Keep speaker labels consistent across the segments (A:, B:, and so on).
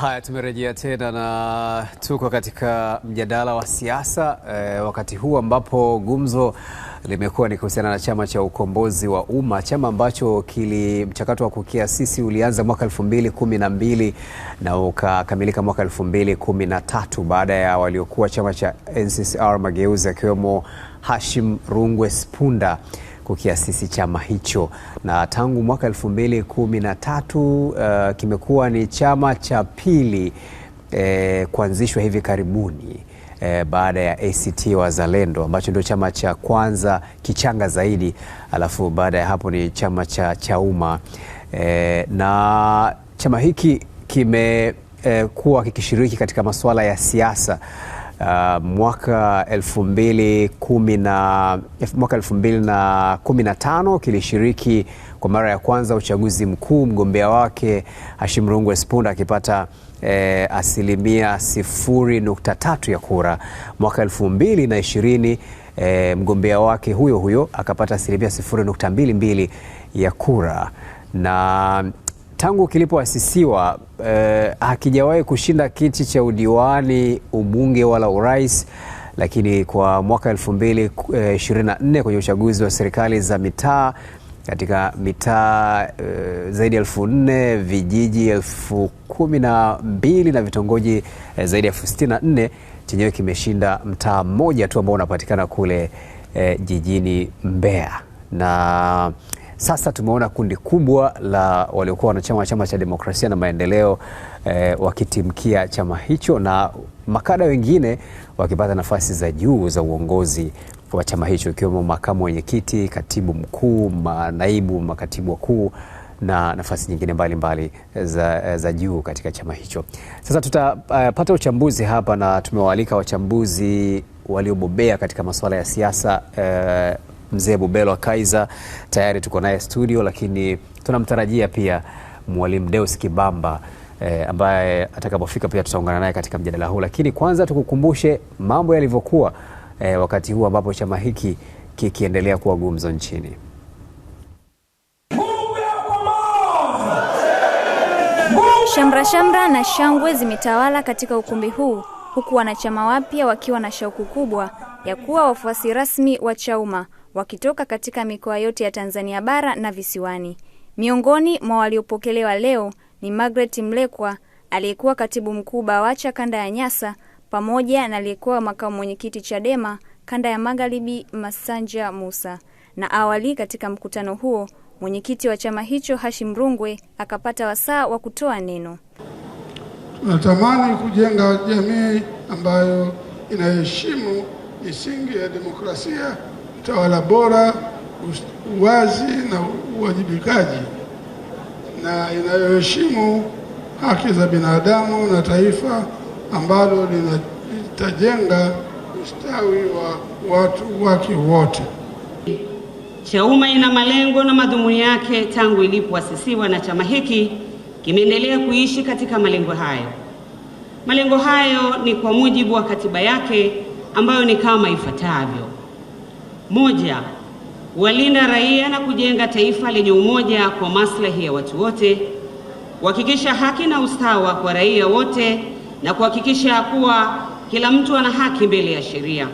A: Haya, tumerejea tena na tuko katika mjadala wa siasa e, wakati huu ambapo gumzo limekuwa ni kuhusiana na chama cha ukombozi wa umma, chama ambacho kili mchakato wa kukiasisi ulianza mwaka elfu mbili kumi na mbili na ukakamilika mwaka elfu mbili kumi na tatu baada ya waliokuwa chama cha NCCR Mageuzi akiwemo Hashim Rungwe Spunda kukiasisi chama hicho, na tangu mwaka elfu mbili kumi na tatu uh, kimekuwa ni chama cha pili eh, kuanzishwa hivi karibuni E, baada ya ACT Wazalendo ambacho ndio chama cha kwanza kichanga zaidi, alafu baada ya hapo ni chama cha Chauma e, na chama hiki kimekuwa e, kikishiriki katika masuala ya siasa Uh, mwaka elfu mbili kumi na mwaka elfu mbili na kumi na tano kilishiriki kwa mara ya kwanza uchaguzi mkuu, mgombea wake Hashim Rungwe Spunda akipata eh, asilimia sifuri nukta tatu ya kura. Mwaka elfu mbili na ishirini eh, mgombea wake huyo huyo akapata asilimia sifuri nukta mbili mbili ya kura na tangu kilipoasisiwa eh, hakijawahi kushinda kiti cha udiwani, ubunge wala urais, lakini kwa mwaka 2024 eh, kwenye uchaguzi wa serikali za mitaa katika mitaa e, zaidi ya elfu nne vijiji elfu kumi na mbili na vitongoji e, zaidi ya elfu sitini na nne chenyewe kimeshinda mtaa mmoja tu ambao unapatikana kule e, jijini Mbeya na sasa tumeona kundi kubwa la waliokuwa wanachama wa chama cha demokrasia na maendeleo eh, wakitimkia chama hicho na makada wengine wakipata nafasi za juu za uongozi wa chama hicho ikiwemo makamu mwenyekiti, katibu mkuu, manaibu makatibu wakuu na nafasi nyingine mbalimbali mbali za, za juu katika chama hicho. Sasa tutapata eh, uh, uchambuzi hapa na tumewaalika wachambuzi waliobobea katika masuala ya siasa uh, mzee Bubelwa Kaiza tayari tuko naye studio, lakini tunamtarajia pia mwalimu Deus Kibamba e, ambaye atakapofika pia tutaungana naye katika mjadala huu, lakini kwanza tukukumbushe mambo yalivyokuwa e, wakati huu ambapo chama hiki kikiendelea kuwa gumzo nchini.
B: Shamra shamra na shangwe zimetawala katika ukumbi huu huku wanachama wapya wakiwa na shauku kubwa ya kuwa wafuasi rasmi wa Chauma wakitoka katika mikoa yote ya Tanzania bara na visiwani. Miongoni mwa waliopokelewa leo ni Margaret Mlekwa aliyekuwa katibu mkuu BAWACHA kanda ya Nyasa pamoja na aliyekuwa makamu mwenyekiti CHADEMA kanda ya Magharibi Masanja Musa. Na awali katika mkutano huo mwenyekiti wa chama hicho Hashim Rungwe akapata wasaa wa kutoa neno.
C: Tunatamani kujenga jamii ambayo inaheshimu misingi ya demokrasia utawala bora, uwazi na uwajibikaji na inayoheshimu haki za binadamu na taifa ambalo litajenga ustawi wa watu wake wote. CHAUMMA ina
D: malengo na madhumuni yake tangu ilipoasisiwa, na chama hiki kimeendelea kuishi katika malengo hayo. Malengo hayo ni kwa mujibu wa katiba yake ambayo ni kama ifuatavyo: moja, walinda raia na kujenga taifa lenye umoja kwa maslahi ya watu wote, kuhakikisha haki na usawa kwa raia wote na kuhakikisha kuwa kila mtu ana haki mbele ya sheria.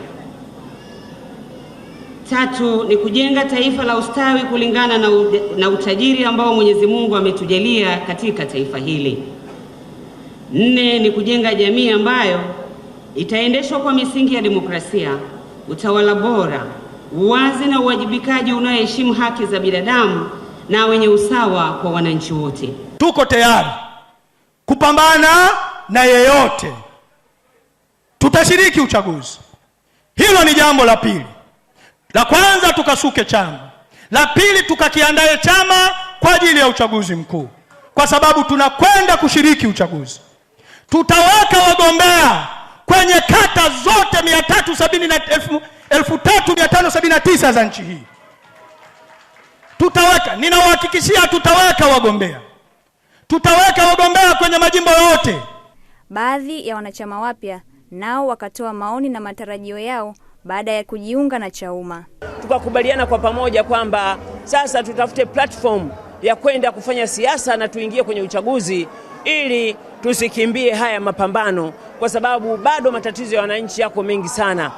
D: Tatu, ni kujenga taifa la ustawi kulingana na, ude, na utajiri ambao Mwenyezi Mungu ametujalia katika taifa hili. Nne, ni kujenga jamii ambayo itaendeshwa kwa misingi ya demokrasia, utawala bora uwazi na uwajibikaji unaoheshimu haki za binadamu na wenye usawa kwa wananchi wote. Tuko tayari kupambana na yeyote, tutashiriki uchaguzi. Hilo ni jambo la pili. La kwanza tukasuke chama, la pili tukakiandae chama kwa ajili ya uchaguzi mkuu, kwa sababu tunakwenda kushiriki uchaguzi. Tutaweka wagombea kwenye kata zote mia tatu sabini na elfu 3579 za nchi hii. Tutaweka, ninawahakikishia, tutaweka wagombea, tutaweka wagombea kwenye majimbo yote. Baadhi ya wanachama wapya nao wakatoa maoni na matarajio yao baada ya kujiunga na Chauma. Tukakubaliana kwa pamoja kwamba sasa tutafute platform ya kwenda kufanya siasa na tuingie kwenye uchaguzi ili tusikimbie haya mapambano, kwa sababu bado matatizo ya wananchi yako mengi sana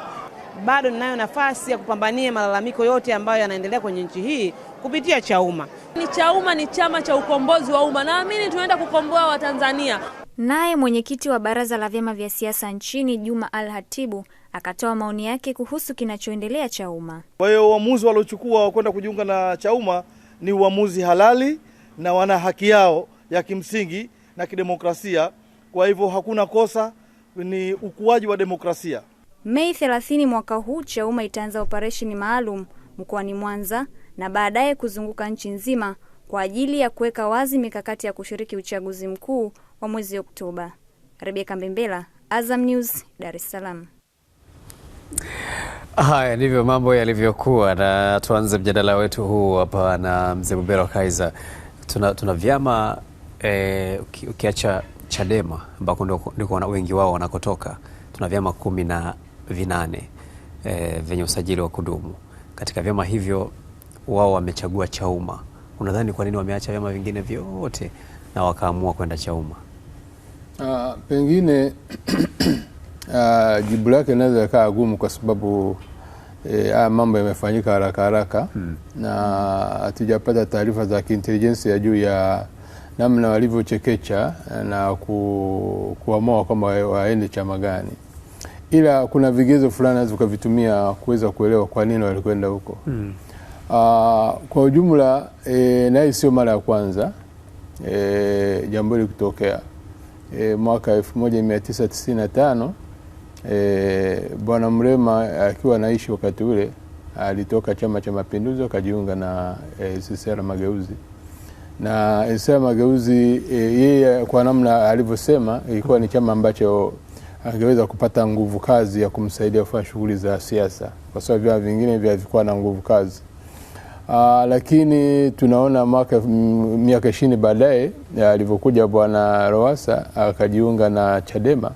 D: bado ninayo nafasi ya kupambania malalamiko yote ambayo yanaendelea kwenye nchi hii kupitia Chauma. Ni Chauma ni chama cha ukombozi wa umma, naamini tunaenda kukomboa Watanzania. Naye mwenyekiti wa baraza la vyama vya siasa nchini Juma Al Hatibu akatoa maoni yake kuhusu kinachoendelea Chauma. Kwa hiyo uamuzi waliochukua wa kwenda kujiunga na Chauma ni uamuzi halali na wana haki yao ya kimsingi na kidemokrasia. Kwa hivyo hakuna kosa, ni ukuaji wa demokrasia. Mei 30 mwaka huu CHAUMMA itaanza operesheni maalum mkoani Mwanza na baadaye kuzunguka nchi nzima kwa ajili ya kuweka wazi mikakati ya kushiriki uchaguzi mkuu wa mwezi Oktoba. Rebeka Mbembela, Azam News, Dar es Salaam.
A: Haya ndivyo mambo yalivyokuwa, na tuanze mjadala wetu huu hapa na mzee Bubero Kaiza. Tuna, tuna vyama eh, ukiacha Chadema ambako ndiko wengi wao wanakotoka, tuna vyama kumi na vinane e, vyenye usajili wa kudumu. Katika vyama hivyo wao wamechagua Chauma. Unadhani kwa nini wameacha vyama vingine vyote na wakaamua kwenda Chauma? Uh, pengine uh, jibu lake inaweza ikawa gumu kwa sababu E, haya mambo yamefanyika haraka haraka hmm. Na hatujapata taarifa za ya juu ya namna walivyochekecha na ku, kuamua kwamba waende chama gani ila kuna vigezo fulani naweza ukavitumia kuweza kuelewa kwa nini walikwenda huko mm. Aa, ah, kwa ujumla e, na hii sio mara ya kwanza e, jambo hili kutokea e, mwaka 1995 e, Bwana Mrema akiwa anaishi wakati ule alitoka Chama cha Mapinduzi akajiunga na e, CCM Mageuzi na CCM Mageuzi e, yeye kwa namna alivyosema ilikuwa ni chama ambacho angeweza kupata nguvu kazi ya kumsaidia kufanya shughuli za siasa, kwa sababu vyama vingine havikuwa na nguvu kazi. Aa, ah, lakini tunaona miaka miaka ishirini baadaye alivyokuja Bwana Lowassa akajiunga na Chadema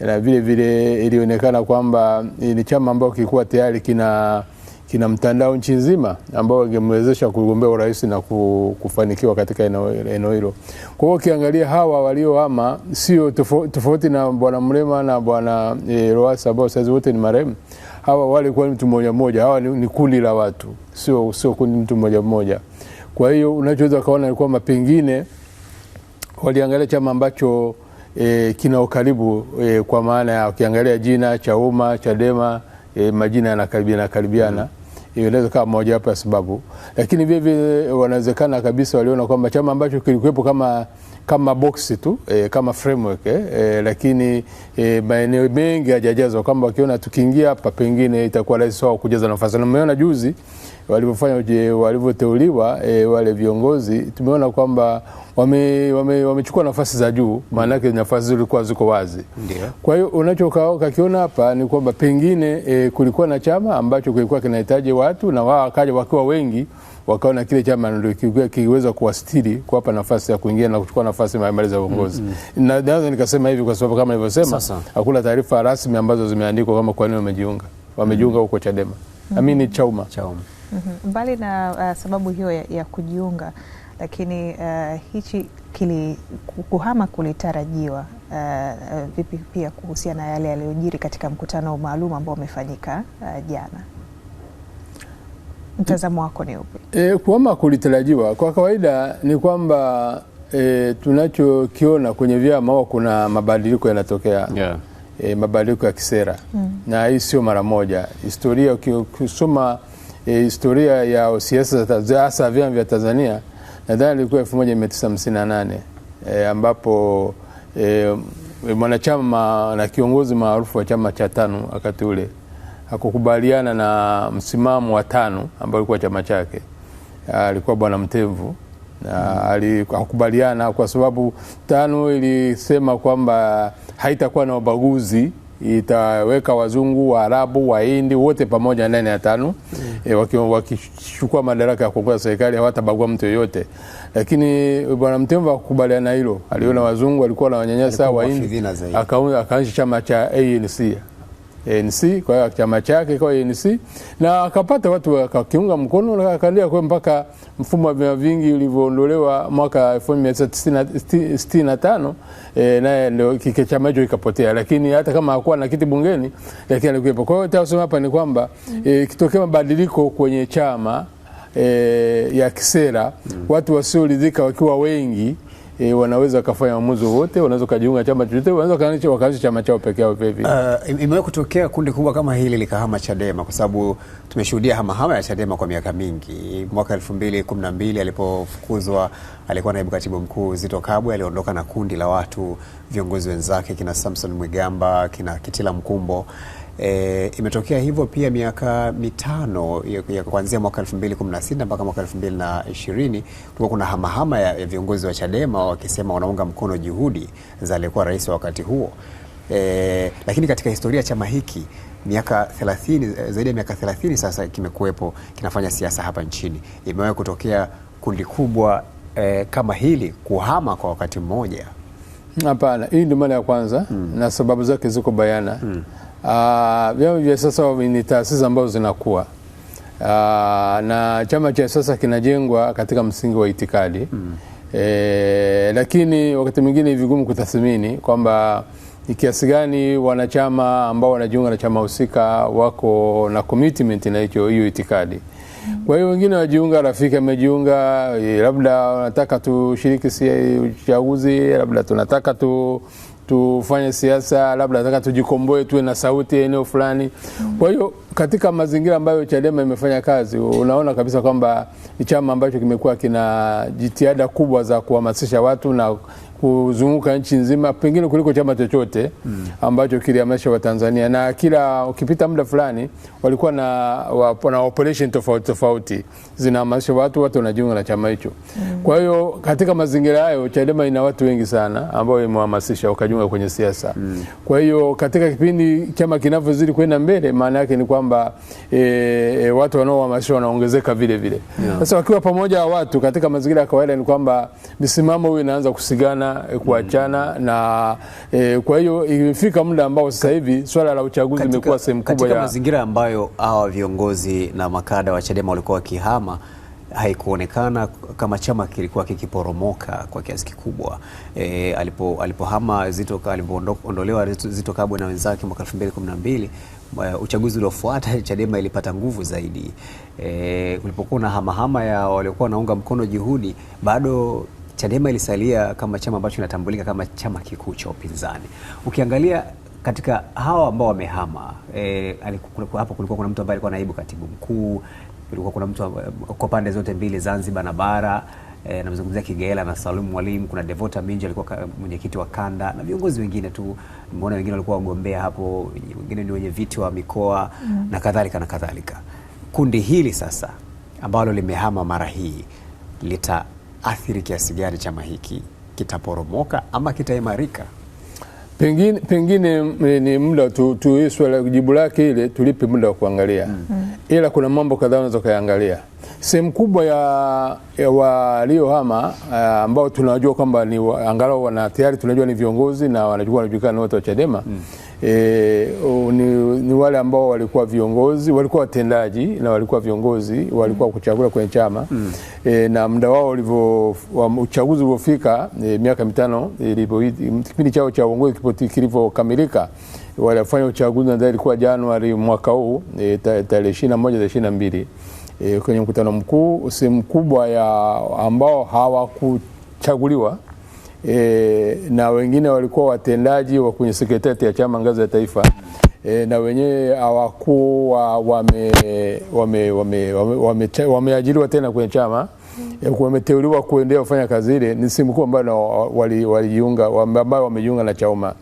A: na vile vile ilionekana kwamba ni chama ambayo kilikuwa tayari kina kina mtandao nchi nzima ambao wangemwezesha kugombea urais na kufanikiwa katika eneo hilo. Kwa hiyo ukiangalia hawa waliohama sio tofauti na bwana Mrema na bwana e, Lowassa ambao saizi wote ni marehemu. Hawa walikuwa ni mtu mmoja mmoja, hawa ni, ni kundi la watu, sio sio kundi mtu mmoja mmoja. Kwa hiyo unachoweza ukaona ni kwamba pengine waliangalia chama ambacho e, kina ukaribu e, kwa maana ya ukiangalia jina Chauma, Chadema E, majina yanakaribiana karibiana, mm hiyo inaweza kuwa wapo ya sababu, lakini vile vile wanawezekana kabisa waliona kwamba chama ambacho kilikuwepo kama kama boksi tu eh, kama framework eh, lakini eh, maeneo mengi hajajazwa, kwamba wakiona tukiingia hapa pengine itakuwa rahisi wao kujaza nafasi, na umeona juzi walivyofanya walivyoteuliwa eh, wale viongozi tumeona kwamba wamechukua wame, wame nafasi za juu, maana yake nafasi zilikuwa ziko wazi. Ndiyo. Kwa hiyo unachokakiona hapa ni kwamba pengine eh, kulikuwa na chama ambacho kilikuwa kinahitaji watu na wao wakaja wakiwa wengi wakaona kile chama ndio kiweza kuwastiri kuwapa nafasi ya kuingia na kuchukua nafasi mbalimbali za uongozi. mm -hmm. naweza nikasema hivi kwa sababu kama nilivyosema, hakuna taarifa rasmi ambazo zimeandikwa kama kwa nini wamejiunga wamejiunga mm -hmm. huko Chadema mm -hmm. amini Chauma, Chauma. Mm -hmm. Mbali na uh, sababu hiyo ya, ya kujiunga lakini uh, hichi kili kuhama kulitarajiwa uh, uh vipi pia kuhusiana na yale yaliyojiri katika mkutano maalum ambao umefanyika uh, jana? mtazamo wako ni upi? E, kuhama kulitarajiwa kwa kawaida ni kwamba e, tunachokiona kwenye vyama au kuna mabadiliko yanatokea yeah. E, mabadiliko ya kisera mm. Na hii sio mara moja. Historia ukisoma e, historia ya siasa hasa vyama vya Tanzania nadhani ilikuwa 1958 e, ambapo e, mwanachama na kiongozi maarufu wa chama cha tano wakati ule hakukubaliana na msimamo wa tano ambao alikuwa chama chake, ah, alikuwa Bwana Mtemvu hakukubaliana kwa sababu tano ilisema kwamba haitakuwa na ubaguzi, itaweka wazungu, Waarabu, Wahindi wote pamoja ndani ya tano mm. E, wakichukua madaraka ya kuongoza serikali hawatabagua mtu yoyote, lakini bwana Mtemvu hakukubaliana hilo. Aliona mm. wazungu walikuwa na wanyanyasa Wahindi, akaanzisha chama cha ANC. ANC, e kwa hiyo chama chake kwa ANC, e na akapata watu wakakiunga mkono, na akaendelea kwa mpaka mfumo wa vyama vingi ulivyoondolewa mwaka 1965 e, naye ndio chama hicho ikapotea, lakini hata kama hakuwa na kiti bungeni, lakini alikuwepo. Kwa hiyo tutasema hapa ni kwamba e, kitokea mabadiliko kwenye chama E, ya kisera mm. Watu wasioridhika wakiwa wengi e, wanaweza wakafanya maamuzi wowote, wanaweza kujiunga chama chochote, wanaweza wakaanzisha chama chao peke yao vile Uh, ah, imewahi kutokea kundi kubwa kama hili likahama Chadema, kwa sababu tumeshuhudia hamahama ya Chadema kwa miaka mingi. Mwaka 2012 alipofukuzwa alikuwa naibu katibu mkuu Zito Kabwe, aliondoka na kundi la watu viongozi wenzake kina Samson Mwigamba kina Kitila Mkumbo E, imetokea hivyo pia miaka mitano ya kuanzia mwaka 2016 mpaka mwaka 2020 kulikuwa kuna hamahama ya ya viongozi wa Chadema wakisema wanaunga mkono juhudi za aliyekuwa rais wa wakati huo. E, lakini katika historia chama hiki miaka 30 eh, zaidi ya miaka 30 sasa kimekuwepo kinafanya siasa hapa nchini. Imewahi kutokea kundi kubwa e, kama hili kuhama kwa wakati mmoja? Hapana, hii ndio mara ya kwanza mm. na sababu zake ziko bayana mm. Ah, vyama vya sasa ni taasisi ambazo zinakuwa uh, na chama cha sasa kinajengwa katika msingi wa itikadi mm. E, lakini wakati mwingine vigumu kutathmini kwamba ni kiasi gani wanachama ambao wanajiunga na chama husika wako na commitment na hicho hiyo itikadi mm. Kwa hiyo wengine wajiunga, rafiki amejiunga, eh, labda wanataka tushiriki si uchaguzi, labda tunataka tu tufanye siasa, labda nataka tujikomboe, tuwe na sauti ya eneo fulani. Kwa hiyo katika mazingira ambayo Chadema imefanya kazi, unaona kabisa kwamba ni chama ambacho kimekuwa kina jitihada kubwa za kuhamasisha watu na kuzunguka nchi nzima pengine kuliko chama chochote mm. ambacho kilihamasisha Watanzania, na kila ukipita muda fulani walikuwa na, wa, na operation tofauti tofauti zinahamasisha watu, watu wanajiunga na chama hicho mm. Kwa hiyo katika mazingira hayo Chadema ina watu wengi sana ambao imewahamasisha wakajiunga kwenye siasa mm. Kwa hiyo katika kipindi chama kinavyozidi kwenda mbele, maana yake ni kwamba e, e, watu wanaohamasisha wanaongezeka vile vile yeah. Sasa wakiwa pamoja watu katika mazingira ya kawaida ni kwamba misimamo hiyo inaanza kusigana e, kuachana mm. na e, kwa hiyo imefika muda ambao sasa hivi swala la uchaguzi limekuwa sehemu kubwa ya mazingira ambayo hawa viongozi na makada wa Chadema walikuwa wakihama chama haikuonekana kama chama kilikuwa kikiporomoka kwa kiasi kikubwa. E, alipo alipohama Zito, alipoondolewa Zito Kabwe na wenzake mwaka elfu mbili kumi na mbili uh, uchaguzi uliofuata Chadema ilipata nguvu zaidi. E, kulipokuwa na hamahama ya waliokuwa wanaunga mkono juhudi, bado Chadema ilisalia kama chama ambacho inatambulika kama chama kikuu cha upinzani. Ukiangalia katika hawa ambao wamehama e, hapo kulikuwa kuna mtu ambaye alikuwa naibu katibu mkuu kulikuwa kuna mtu kwa pande zote mbili Zanzibar na bara e, namzungumzia Kigela na Salum Mwalimu. Kuna Devota Minja alikuwa mwenyekiti wa kanda na viongozi wengine tu, mbona wengine walikuwa wagombea hapo, wengine ni wenye viti wa mikoa mm. na kadhalika na kadhalika. Kundi hili sasa ambalo limehama mara hii litaathiri kiasi gani chama hiki? Kitaporomoka ama kitaimarika? Pengine, pengine mm, ni muda tu, tu swala jibu lake ile tulipe muda wa kuangalia mm. mm ila kuna mambo kadhaa unaweza ukayaangalia. Sehemu kubwa ya, ya waliohama uh, ambao tunajua kwamba ni angalau wana tayari tunajua ni viongozi na wanajua wanajulikana watu wa Chadema mm. E, ni, ni wale ambao walikuwa viongozi walikuwa watendaji na walikuwa viongozi walikuwa mm. kuchagula kwenye chama mm. E, na muda wao ulivyo uchaguzi ulivyofika e, miaka mitano kipindi chao cha uongozi kilivyokamilika walifanya uchaguzi nadhani ilikuwa Januari mwaka huu e, tarehe ishirini na moja ishirini na mbili e, kwenye mkutano mkuu, sehemu kubwa ya ambao hawakuchaguliwa e, na wengine walikuwa watendaji wa kwenye sekretarieti ya chama ngazi ya taifa e, na wenyewe hawakuwa wameajiriwa wame, wame, wame, wame, wame tena kwenye chama e, wameteuliwa kuendelea kufanya kazi ile. Ni simu kubwa ambayo walijiunga ambayo wamejiunga na Chauma.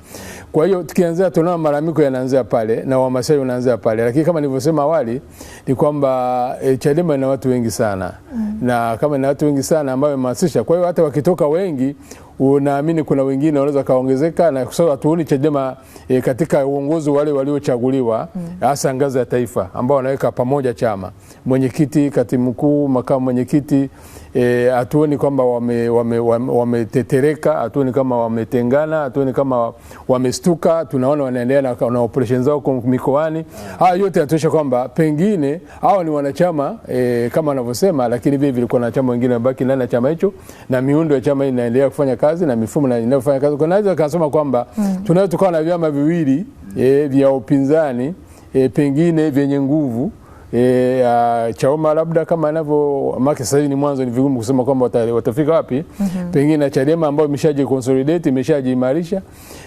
A: Kwa hiyo tukianzia, tunaona malalamiko yanaanzia pale na uhamasishaji unaanzia pale, lakini kama nilivyosema awali ni kwamba e, Chadema ina watu wengi sana mm. na kama ina watu wengi sana ambayo imehamasisha, kwa hiyo hata wakitoka wengi unaamini kuna wengine wanaweza kaongezeka, na kwa sababu hatuoni Chadema e, katika uongozi wale waliochaguliwa mm. hasa mm. ngazi ya taifa ambao wanaweka pamoja chama, mwenyekiti, katibu mkuu, makamu mwenyekiti, eh, hatuoni e, kwamba wametetereka, wame, wame hatuoni kama wametengana, hatuoni kama wamestuka. Tunaona wanaendelea na, na operesheni zao mikoani. Mm. Haya yote yanatuonyesha kwamba pengine hawa ni wanachama e, kama wanavyosema, lakini vile vilikuwa wanachama wengine wabaki ndani ya chama hicho na miundo ya chama hii inaendelea kufanya kazi na mifumo na inayofanya kazi. Kwa naweza kasema kwamba mm. tunaweza tukawa na vyama viwili mm. e, vya upinzani e, pengine vyenye nguvu e, a, Chaoma labda kama anavyo maki sasa hivi ni mwanzo, ni vigumu kusema kwamba watafika wapi mm -hmm. Pengine na Chadema ambayo imeshaji consolidate imeshajiimarisha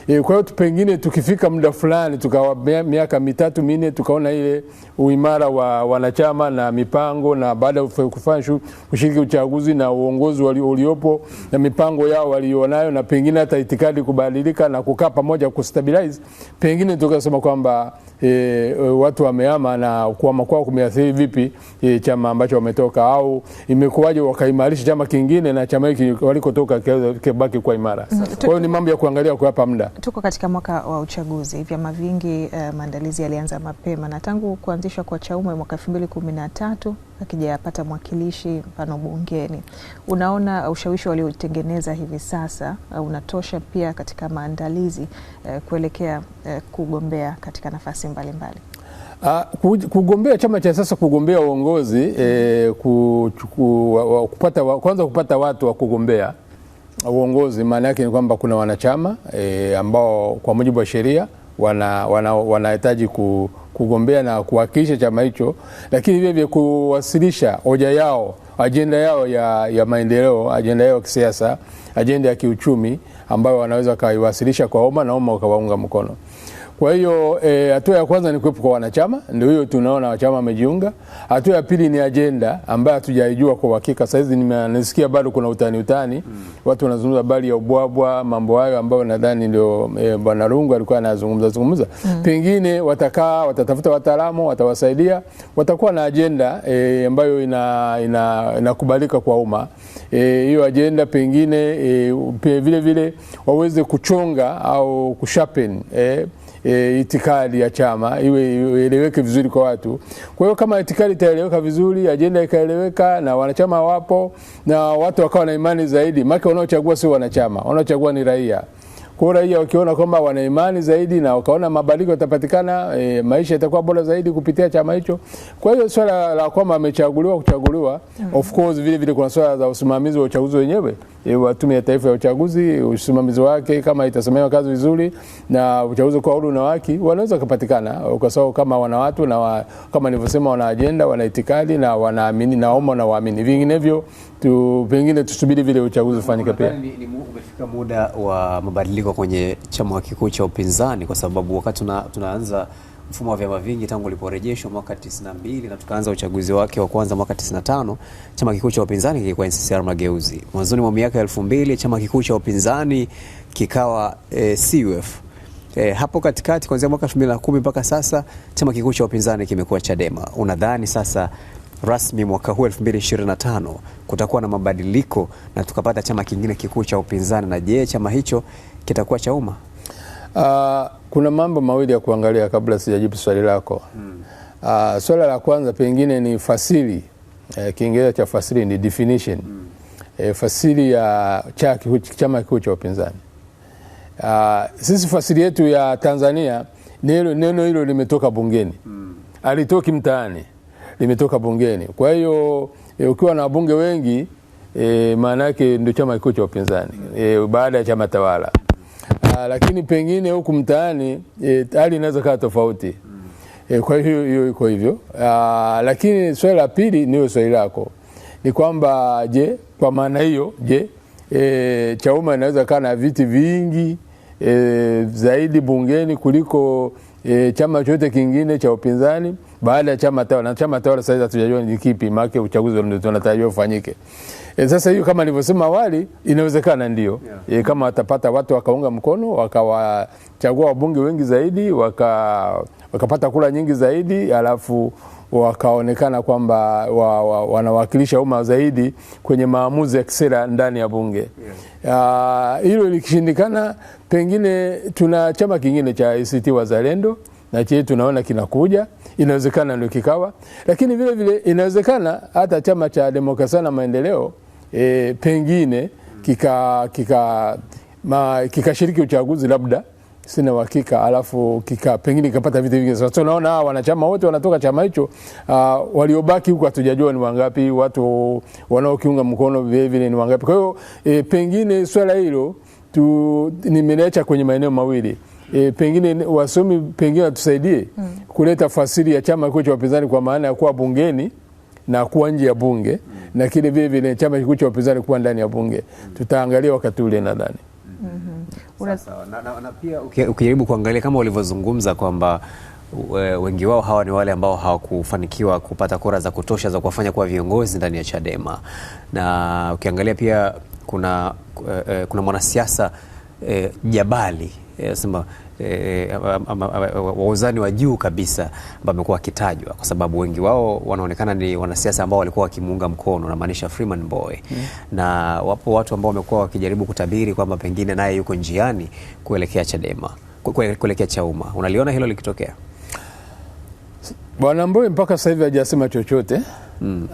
A: e, kwa hiyo pengine tukifika muda fulani tukawa miaka mitatu minne tukaona ile uimara wa wanachama na mipango na baada ya kufanya kushiriki uchaguzi na uongozi uliopo na mipango yao walionayo na pengine hata itikadi kubadilika na kukaa pamoja kustabilize, pengine tukasema kwamba e, watu wameama na kuama kwao kumeathiri vipi e, chama ambacho wametoka, au imekuwaje wakaimarisha chama kingine na chama hiki walikotoka kibaki kwa imara. Mm, kwa hiyo ni mambo ya kuangalia hapa muda. Tuko katika mwaka wa uchaguzi, vyama vingi uh, maandalizi yalianza mapema na tangu kuanzishwa kwa Chauma mwaka 2013 akijapata mwakilishi mfano bungeni. Unaona uh, ushawishi waliotengeneza hivi sasa uh, unatosha pia katika maandalizi eh, kuelekea eh, kugombea katika nafasi mbalimbali mbali. Uh, kugombea chama cha sasa kugombea uongozi eh, kupata, kwanza kupata watu wa kugombea uongozi maana yake ni kwamba kuna wanachama e, ambao kwa mujibu wa sheria wanahitaji wana, wana kugombea na kuhakikisha chama hicho, lakini vile vile kuwasilisha hoja yao, ajenda yao ya, ya maendeleo, ajenda yao ya kisiasa, ajenda ya kiuchumi ambayo wanaweza wakaiwasilisha kwa umma na umma ukawaunga mkono. Kwa hiyo eh, hatua e, ya kwanza ni kuwepo kwa wanachama, ndio hiyo tunaona wachama wamejiunga. Hatua ya pili ni ajenda ambayo hatujaijua kwa uhakika. Sasa hizi nimesikia bado kuna utani utani, mm. watu wanazungumza bali ya ubwabwa, mambo hayo ambayo nadhani ndio e, Bwana Lungu alikuwa anazungumza zungumza, mm. pengine watakaa, watatafuta wataalamu, watawasaidia, watakuwa na ajenda e, eh, ambayo ina inakubalika ina kwa umma hiyo eh, ajenda pengine e, vile vile waweze kuchonga au kushapen e, e, itikadi ya chama iwe ieleweke vizuri kwa watu. Kwa hiyo kama itikadi itaeleweka vizuri, ajenda ikaeleweka, na wanachama wapo na watu wakawa na imani zaidi, maana wanaochagua sio wanachama, wanaochagua ni raia. Kwa raia wakiona kwamba wana imani zaidi na wakaona mabadiliko yatapatikana, e, maisha yatakuwa bora zaidi kupitia chama hicho. Kwa hiyo swala la kwamba amechaguliwa kuchaguliwa, mm Of course vile vile kuna swala za usimamizi wa uchaguzi wenyewe e, wa Tume ya Taifa ya Uchaguzi, usimamizi wake kama itasemewa kazi vizuri na uchaguzi kwa huru na haki, wanaweza kupatikana, kwa sababu kama wana watu na wa, kama nilivyosema, wana ajenda, wana itikadi na wanaamini, naomba na waamini, vinginevyo tu pengine tusubiri vile uchaguzi ufanyike pia. ni, ni, katika muda wa mabadiliko kwenye chama kikuu cha upinzani, kwa sababu wakati tuna, tunaanza mfumo wa vyama vingi tangu uliporejeshwa mwaka 92 na tukaanza uchaguzi wake wa kwanza mwaka 95, chama kikuu cha upinzani kilikuwa NCCR Mageuzi. Mwanzoni mwa miaka 2000 chama kikuu cha upinzani kikawa e, eh, CUF. E, eh, hapo katikati kuanzia mwaka 2010 mpaka sasa chama kikuu cha upinzani kimekuwa Chadema. Unadhani sasa rasmi mwaka huu 2025 kutakuwa na mabadiliko na tukapata chama kingine kikuu cha upinzani. Na je, chama hicho kitakuwa cha umma? Uh, kuna mambo mawili ya kuangalia kabla sijajibu swali lako. Hmm. Uh, swala la kwanza pengine ni fasili eh, Kiingereza cha fasili ni definition. Hmm. Eh, fasili ya chama kikuu cha upinzani. Uh, sisi fasili yetu ya Tanzania neno hilo limetoka bungeni. Hmm. Alitoki mtaani limetoka bungeni. Kwa hiyo e, ukiwa na wabunge wengi e, maana yake ndio chama kikuu cha upinzani e, baada ya chama tawala. Lakini pengine huku mtaani e, hali e, inaweza kaa tofauti e, kwa hiyo hiyo iko hivyo. Lakini swali la pili niyo swali lako ni kwamba je, kwa maana hiyo je, e, Chauma inaweza kaa na viti vingi e, zaidi bungeni kuliko e, chama chote kingine cha upinzani? baada ya chama tawala na chama tawala sasa hatujajua ni kipi, maana uchaguzi tunatarajia ufanyike. E, sasa hiyo kama nilivyosema awali inawezekana ndio, yeah. E, kama watapata watu wakaunga mkono wakawachagua wabunge wengi zaidi waka, wakapata kura nyingi zaidi alafu wakaonekana kwamba wa, wa, wanawakilisha umma zaidi kwenye maamuzi ya kisera ndani ya bunge ah, hilo. Yeah. Likishindikana, pengine tuna chama kingine cha ACT Wazalendo na chie tunaona kinakuja, inawezekana ndio kikawa, lakini vile vile inawezekana hata Chama cha Demokrasia na Maendeleo e, pengine kika kika ma, kikashiriki uchaguzi labda, sina uhakika, alafu kika pengine kapata viti vingi. Sasa tunaona hawa wanachama wote wanatoka chama hicho, uh, waliobaki huko hatujajua ni wangapi, watu wanaokiunga mkono vile vile ni wangapi. Kwa hiyo e, pengine swala hilo tu nimeliacha kwenye maeneo mawili e, pengine wasomi pengine watusaidie mm. kuleta fasiri ya chama kikuu cha upinzani kwa maana ya kuwa bungeni na kuwa nje ya bunge mm. na kile vile vile chama kikuu cha upinzani kuwa ndani ya bunge mm. tutaangalia wakati ule nadhani. mm -hmm. na, na, na pia ukijaribu kuangalia kama walivyozungumza kwamba wengi wao hawa ni wale ambao hawakufanikiwa kupata kura za kutosha za kuwafanya kuwa viongozi ndani ya Chadema, na ukiangalia pia kuna, eh, eh, kuna mwanasiasa eh, Jabali Eh, eh, wauzani wa juu kabisa ambao amekuwa wakitajwa kwa sababu wengi wao wanaonekana ni wanasiasa ambao walikuwa wakimuunga mkono, namaanisha Freeman Mbowe mm. na wapo watu ambao wamekuwa wakijaribu kutabiri kwamba pengine naye yuko njiani kuelekea Chadema, kuelekea Chauma. Unaliona hilo likitokea? Bwana Mbowe mpaka sasa hivi hajasema chochote mm.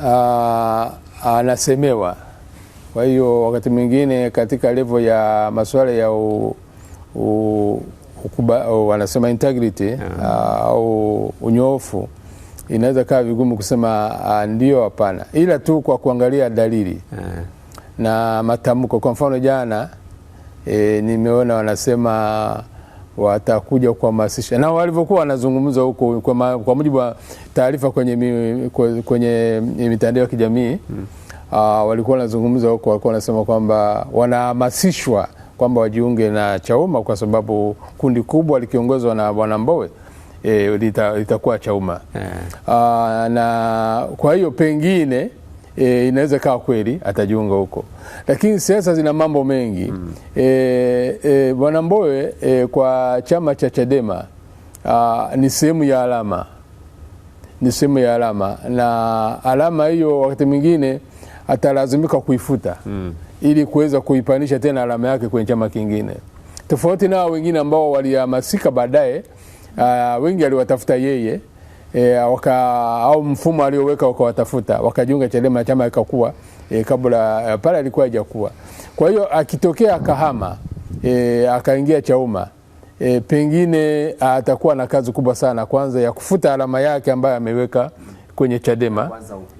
A: anasemewa. Kwa hiyo wakati mwingine katika levo ya masuala ya u wanasema integrity ah, au yeah. uh, unyofu inaweza kaa vigumu kusema uh, ndio hapana, ila tu kwa kuangalia dalili yeah. na matamko. Kwa mfano jana e, nimeona wanasema watakuja kuhamasisha na walivyokuwa wanazungumza huko kwa, kwa mujibu wa taarifa kwenye, mi, kwenye mitandao ya kijamii mm. uh, walikuwa wanazungumza huko, walikuwa wanasema kwamba wanahamasishwa kwamba wajiunge na Chauma kwa sababu kundi kubwa likiongozwa na Bwana Mbowe e, litakuwa Chauma yeah. Eh. Aa, na kwa hiyo pengine E, inaweza kawa kweli atajiunga huko, lakini siasa zina mambo mengi mm. E, e, Bwana Mbowe e, kwa chama cha Chadema ni sehemu ya alama, ni sehemu ya alama, na alama hiyo wakati mwingine atalazimika kuifuta mm ili kuweza kuipanisha tena alama yake kwenye chama kingine, tofauti na wengine ambao walihamasika baadaye. Uh, wengi aliwatafuta yeye e, waka, au mfumo alioweka wakawatafuta wakajiunga Chadema chama ikakuwa e, eh, kabla eh, pale alikuwa hajakuwa. Kwa hiyo akitokea akahama e, akaingia Chauma e, pengine atakuwa na kazi kubwa sana kwanza ya kufuta alama yake ambayo ameweka kwenye Chadema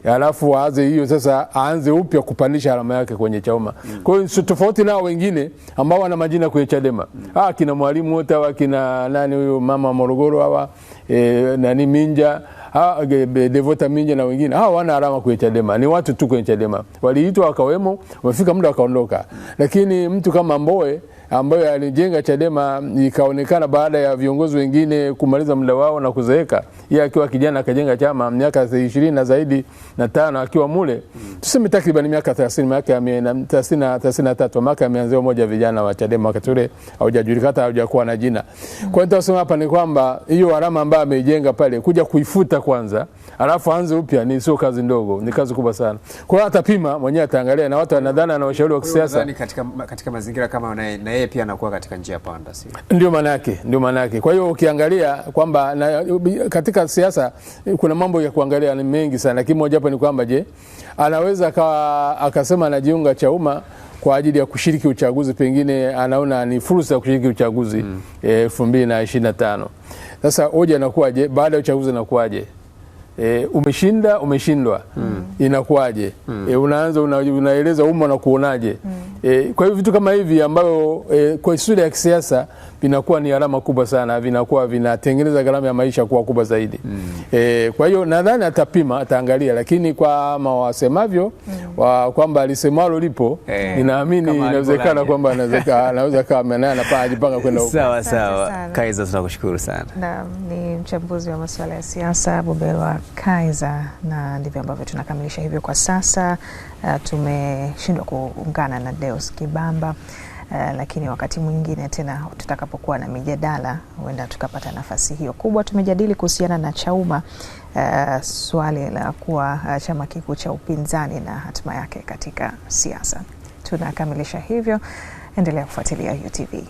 A: alafu aanze hiyo sasa, aanze upya kupandisha alama yake kwenye Chauma. Kwa hiyo tofauti nao wengine ambao wana majina kwenye Chadema mm. ah, kina mwalimu wote hawa kina nani huyo mama Morogoro hawa e, nani Minja ah, Devota Minja na wengine ah, hawa wana alama kwenye Chadema, ni watu tu kwenye Chadema waliitwa wakawemo, wamefika muda wakaondoka. Mm. Lakini mtu kama mboe ambayo alijenga Chadema ikaonekana baada ya viongozi wengine kumaliza muda wao na kuzeeka, yeye akiwa kijana akajenga chama miaka 20 na zaidi na tano akiwa mule mm. tuseme takriban miaka 30 miaka ya 30 33 maka ameanza moja vijana wa Chadema wakati ule haujajulikana haujakuwa na jina. mm. Kwa hiyo tunasema hapa ni kwamba hiyo alama ambayo ameijenga pale kuja kuifuta kwanza, alafu aanze upya ni sio kazi ndogo, ni kazi kubwa sana. Kwa hiyo atapima mwenyewe, ataangalia na watu wanadhani na washauri wa kisiasa katika katika mazingira kama na yeye yeye pia anakuwa katika njia panda, si ndio? Maana yake ndio maana yake. Kwa hiyo ukiangalia kwamba na, katika siasa kuna mambo ya kuangalia ni mengi sana, lakini moja hapo ni kwamba je, anaweza akawa akasema anajiunga umma kwa ajili ya kushiriki uchaguzi, pengine anaona ni fursa ya kushiriki uchaguzi mm. eh, elfu mbili na ishirini na tano. Sasa hoja inakuwaje baada ya uchaguzi, inakuwaje? E, umeshinda umeshindwa, mm. Inakuwaje? mm. E, unaanza una, unaeleza umma na kuonaje? mm. E, kwa hiyo vitu kama hivi ambayo e, kwa historia ya kisiasa vinakuwa ni alama kubwa sana, vinakuwa vinatengeneza gharama ya maisha kuwa kubwa zaidi mm. E, kwa hiyo nadhani atapima, ataangalia, lakini kwa wasemavyo mm. kwamba alisemalo lipo eh, ninaamini inawezekana kwamba anaweza kama naye anajipanga kwenda huko. Sawa sawa, Kaiza, tunakushukuru sana. Naam, ni mchambuzi wa masuala ya siasa Bobelwa Kaiza, na ndivyo ambavyo tunakamilisha hivyo kwa sasa. Uh, tumeshindwa kuungana na Deus Kibamba. Eh, lakini wakati mwingine tena tutakapokuwa na mijadala huenda tukapata nafasi hiyo kubwa. Tumejadili kuhusiana na Chauma uh, swali la kuwa uh, chama kikuu cha upinzani na hatima yake katika siasa. Tunakamilisha hivyo, endelea kufuatilia UTV.